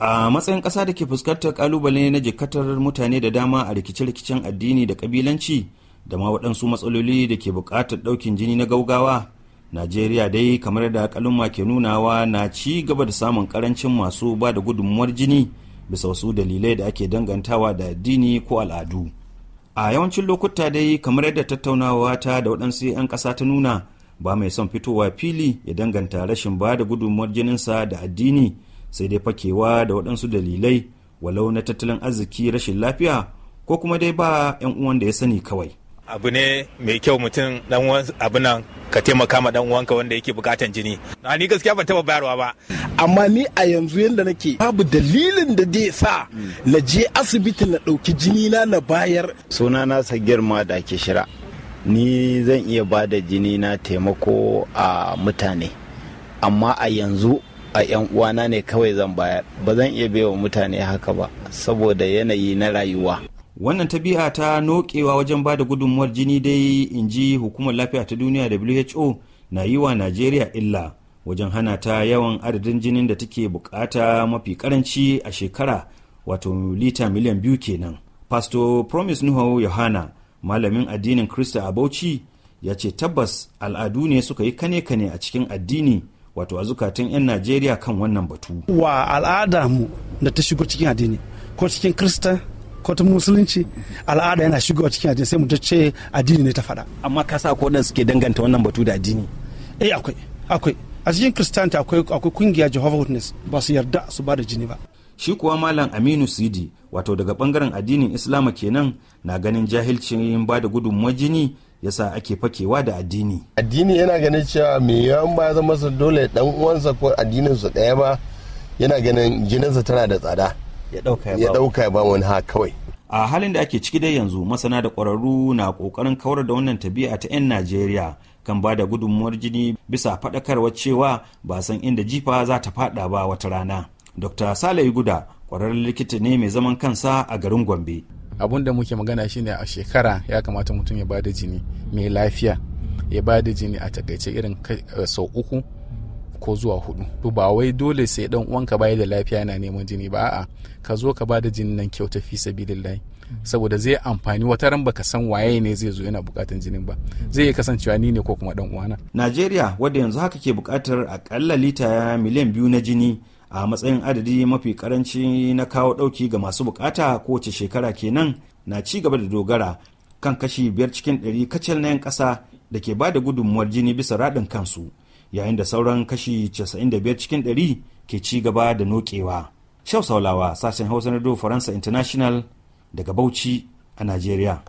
a matsayin ƙasa da ke fuskantar ƙalubale na jikatar mutane da dama a rikice-rikicen addini da ƙabilanci da ma waɗansu matsaloli da ke buƙatar ɗaukin jini na gaugawa najeriya dai kamar da ƙalumma ke nunawa na ci gaba da samun ƙarancin masu ba da gudunmuwar jini bisa wasu dalilai da ake dangantawa da addini ko al'adu a yawancin lokuta dai kamar yadda tattaunawa ta da waɗansu 'yan ƙasa ta nuna ba mai son fitowa fili ya danganta rashin ba da gudunmuwar jininsa da addini sai dai fakewa da waɗansu dalilai walau na tattalin arziki rashin lafiya ko kuma dai ba 'yan uwan da ya sani kawai abu ne mai kyau mutum dan abu nan ka taimaka ma dan uwanka wanda yake bukatan jini na ni gaskiya ban taba bayarwa ba amma ni a yanzu yanda nake babu dalilin da zai sa na je asibiti na dauki jini na na bayar suna na sa girma da ke shira ni zan iya ba da jini na taimako a mutane amma a yanzu a 'yan uwana ne kawai zan bayar ba zan iya baiwa mutane haka ba saboda yanayi na rayuwa wannan tabi'a ta nokewa wajen ba da gudunmuwar jini dai in ji hukumar lafiya ta duniya who na yi wa najeriya illa wajen hana ta yawan adadin jinin da take bukata mafi karanci a shekara wato lita miliyan biyu kenan pastor promise nuhu yohana malamin addinin krista a bauchi ya ce tabbas al'adu ne suka yi kane-kane a cikin addini wato a zukatan 'yan najeriya kan wannan batu wa al'ada mu da ta shigo cikin addini ko cikin kirista ko ta musulunci al'ada yana shigowa cikin addini sai mu ce addini ne ta faɗa amma ka sa kodan suke danganta wannan batu da addini eh akwai akwai a cikin kristanta akwai akwai kungiya jehovah witness ba su yarda su ba da jini ba shi kuwa malam aminu sidi wato daga bangaren addinin islama kenan na ganin jahilcin ba da gudunmuwar jini yasa ake fakewa da addini addini yana ganin cewa me yawan ba zama su dole dan uwansa ko addinin su daya ba yana ganin jininsa tana da tsada ya dauka ya ba wani ha kawai a halin da ake ciki dai yanzu masana da kwararru na kokarin kawar da wannan tabi'a ta 'yan najeriya kan ba da gudunmuwar jini bisa faɗakarwa cewa ba san inda jifa za ta faɗa ba wata rana dr sale guda kwararren likita ne mai zaman kansa a garin gombe abun da muke magana shine a shekara ya kamata mutum ya bada jini mai lafiya ya bada jini a takaice irin eh, sau uku ko zuwa hudu to ba wai dole sai dan uwanka baya da lafiya yana neman jini ba a'a ka zo ka bada jini nan kyauta fi sabilillahi saboda zai amfani wata ran baka san waye ne zai zo yana bukatan jinin ba zai yi kasancewa ni ne ko kuma dan uwana Najeriya wadda yanzu haka ke bukatar akalla lita miliyan biyu na jini a matsayin adadi mafi karanci na kawo ɗauki ga masu bukata kowace shekara kenan na ci gaba da dogara kan kashi biyar cikin ɗari kacal na 'yan ƙasa da ke ba da gudunmuwar jini bisa raɗin kansu yayin da sauran kashi casa'in da biyar cikin ɗari ke ci gaba da nokewa. Shau Saulawa, sashen Hausa na Faransa International daga Bauchi a Najeriya.